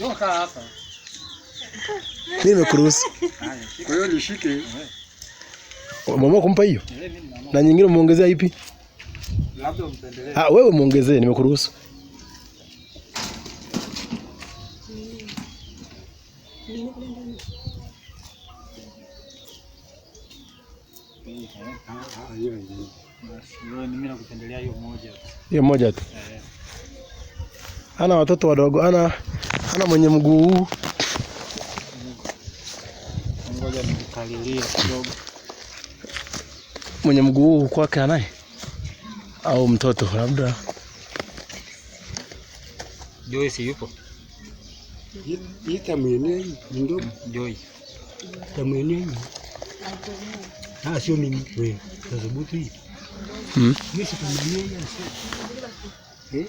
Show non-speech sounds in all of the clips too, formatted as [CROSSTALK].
Njoo kaa hapa. Mimi nimekuruhusu. Kwa hiyo nishike. Mama kumpa hiyo? Na nyingine umeongezea ipi? Labda umpendelee. Ah, wewe muongezee nimekuruhusu. Hiyo moja tu. Eh. Ana watoto wadogo, ana hana mwenye mguu huu. Ngoja nikalilie kidogo. Mwenye mguu huu kwake anaye au mtoto labda. Joyce yupo? Ita ndio Ah, sio mimi wewe. Hmm? Eh?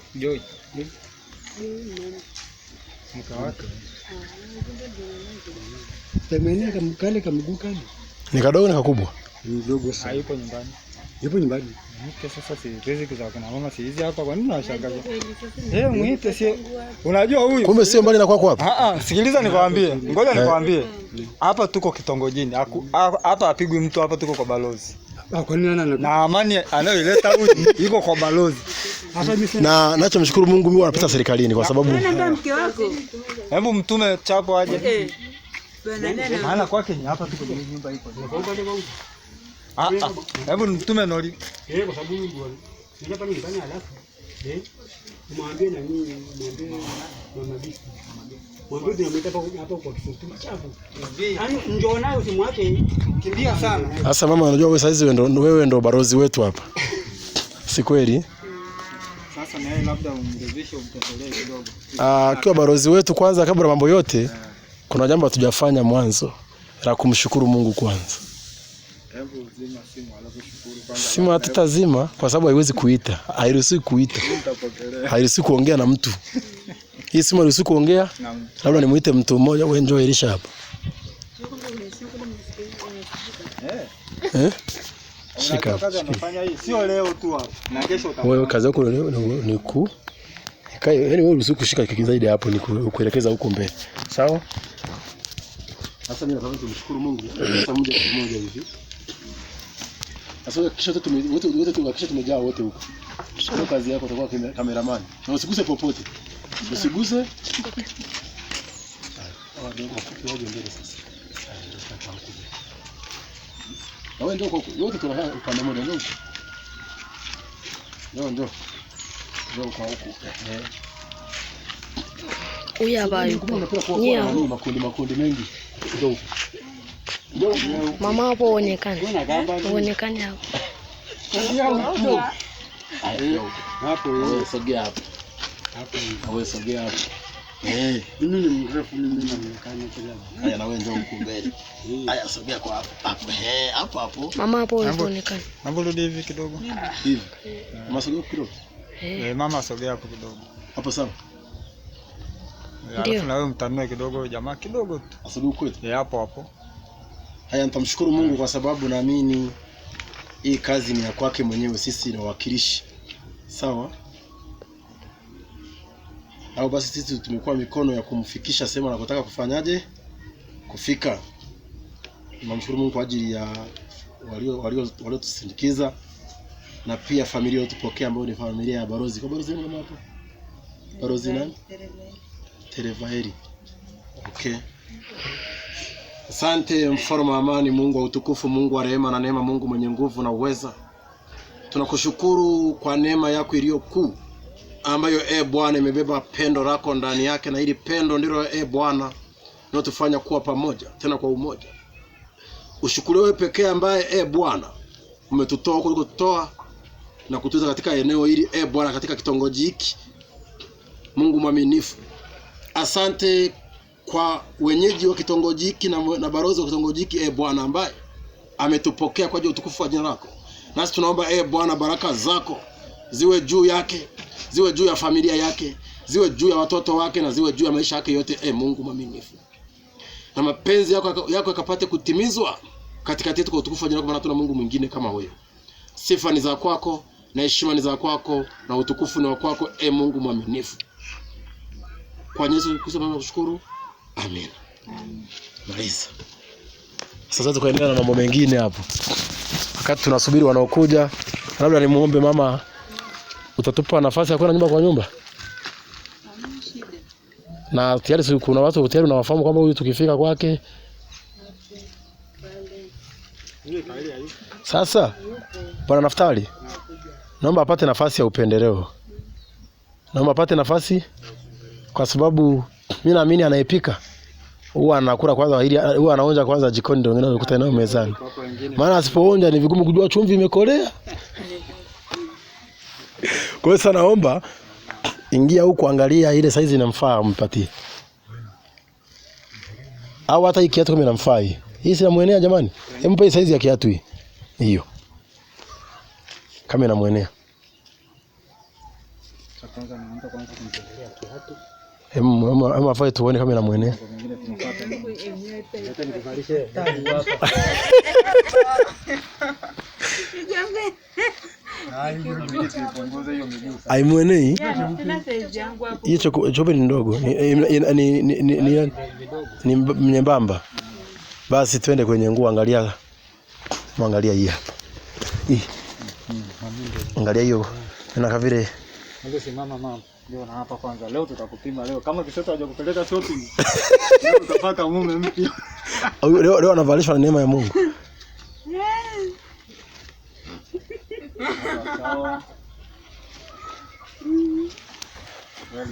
Kale kamguu kale ni kadogo na kakubwa, mdogo sana. Hayupo ah, nyumbani, yupo nyumbani. Mwite sasa, si riziki za kina mama si hizi hapa. Kwa nini unashangaza? Eh, mwite si unajua huyu kumbe sio mbali na kwako hapa. Ah ah, sikiliza nikwambie, eh. ngoja nikwambie eh. hapa. Tuko kitongojini hapa, hapigwi mtu hapa, tuko kwa balozi na amani anayoleta huyu iko kwa balozi na nachomshukuru Mungu mimi wanapita serikalini kwa sababu hebu mtume chapo aje eh. maana kwake hapa tuko nyumba iko ah ah hebu mtume noli. eh kwa sababu Mungu ndio hapa nyumbani alafu eh mwambie na mimi mwambie mama bibi wadudu wameleta hapa kwa kifupi chafu. Yaani njoo nayo usimwache, kimbia sana. Sasa mama, unajua wewe saizi wewe ndo wewe ndo barozi wetu hapa. Si kweli? Sasa na yeye labda umrudishe umtembelee kidogo. Ah, kwa barozi wetu kwanza kabla mambo yote kuna jambo hatujafanya mwanzo la kumshukuru Mungu kwanza. Simu hatutazima kwa sababu haiwezi kuita, hairuhusi kuita, hairuhusi kuongea na mtu hii simu ruhusu kuongea? Naam. Labda nimuite mtu mmoja wewe njoo ilisha hapa. Eh? eh? Shika. Wewe kazi yako leo ni ku Kai, yaani wewe ruhusu kushika kiki zaidi hapo ni kuelekeza huko mbele. Sawa? Sasa mimi nataka kumshukuru Mungu. Sasa moja kwa moja hivi. Sasa kisha wote wote tumejaa wote huko. Sio kazi yako utakuwa kameramani. Na usiguse popote. Usiguse. Wewe ndio huko. Yote tunakaa upande mmoja ndio. Ndio ndio. Ndio kwa huko. Uya bayo. Ni makundi makundi mengi. Ndio. Ndio. Mama hapo uonekane. Uonekane hapo. Hapo yeye sogea hapo. Hapo sogea hapo. Eh, mimi ni mrefu mimi na mkanya kila. Haya na wewe mbele. Haya sogea kwa hapo. eh, hapo hapo. Mama hapo unaonekana. Mambo rudi hivi kidogo. Hivi. Mama sogea kidogo. Eh, mama sogea hapo kidogo. Hapo sawa. Eh, alafu na wewe mtanue kidogo jamaa kidogo tu. Eh, hapo hapo. Haya nitamshukuru Mungu kwa sababu naamini hii kazi ni ya kwake mwenyewe, sisi ni wawakilishi. Sawa? au basi sisi tumekuwa mikono ya kumfikisha sehemu anakotaka kufanyaje kufika. Namshukuru Mungu kwa ajili ya walio waliotusindikiza walio na pia familia iliyotupokea ambayo ni familia ya Barozi. Kwa Barozi nani hapa. Barozi nani? Terevaeri. Okay. Asante mfalme wa amani, Mungu wa utukufu, Mungu wa rehema na neema, Mungu mwenye nguvu na uweza, tunakushukuru kwa neema yako iliyo kuu ambayo e Bwana imebeba pendo lako ndani yake, na ili pendo ndilo e Bwana linatufanya kuwa pamoja tena kwa umoja. Ushukuriwe pekee ambaye e Bwana umetutoa kulikotutoa na kutuza katika eneo hili e Bwana, katika kitongoji hiki. Mungu mwaminifu, asante kwa wenyeji wa kitongoji hiki na, na barozi wa kitongoji hiki e Bwana ambaye ametupokea kwa ajili ya utukufu wa jina lako, nasi tunaomba e Bwana baraka zako ziwe juu yake ziwe juu ya familia yake, ziwe juu ya watoto wake, na ziwe juu ya maisha yake yote. E, Mungu mwaminifu, na mapenzi yako yako yakapate kutimizwa katikati yetu kwa utukufu wa jina lako, maana hatuna Mungu mwingine kama huyo. Sifa ni za kwako na heshima ni za kwako na utukufu ni wa kwako, e Mungu mwaminifu. Kwa Yesu Kristo mama kushukuru, amen. Maliza sasa, tukaendelea na mambo mengine hapo, wakati tunasubiri wanaokuja, labda nimuombe mama utatupa nafasi ya kwenda nyumba kwa nyumba? Na tayari kuna watu tayari unawafahamu kwamba huyu tukifika kwake. Sasa Bwana Naftali, naomba apate nafasi ya upendeleo, naomba apate nafasi, kwa sababu mimi naamini anayepika huwa anakula kwanza, ili huwa anaonja kwanza jikoni, ndio ngine wanakutana nayo mezani. Maana asipoonja ni vigumu kujua chumvi imekolea kwa hiyo sasa naomba ingia huku, angalia ile size inamfaa, mpatie. au hata hii kiatu kama inamfaa hii. Hii si inamuenea jamani, mpe size ya kiatu hii hiyo, kama inamuenea Hema fae tuone kama inamwenea. [LAUGHS] Haimwenei hiyo chope ni ndogo, ni nyembamba. Basi twende kwenye nguo, angalia, mwangalia hii hapa, angalia hiyo na vile [LAUGHS] leo anavalishwa na neema ya Mungu.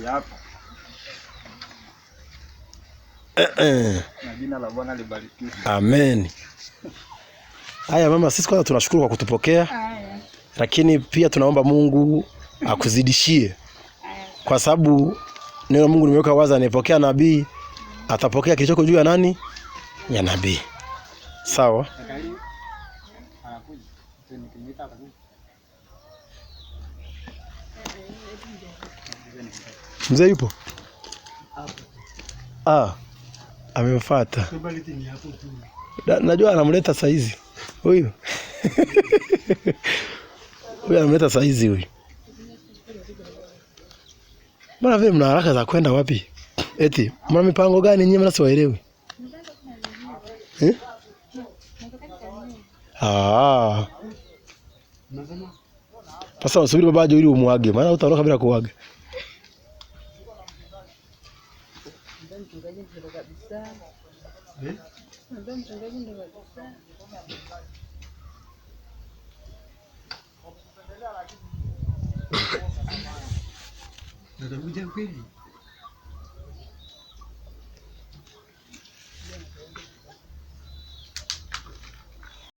hapa. Eh, eh. Amen. Haya mama, sisi kwanza tunashukuru kwa kutupokea. Lakini pia tunaomba Mungu akuzidishie kwa sababu neno Mungu limeweka wazi, anayepokea nabii atapokea kilichoko juu ya nani? Ya nabii. Sawa. Mzee yupo? Ah, amemfuata. Najua anamleta saizi huyu [LAUGHS] huyu anamleta saizi huyu. Mbona vile mna haraka za kwenda wapi? Eti mna mipango gani nyinyi? Mna siwaelewi eh? Ah. Sasa usubiri baba aje ili umwage, maana utaondoka bila kuaga. Ndio kweli.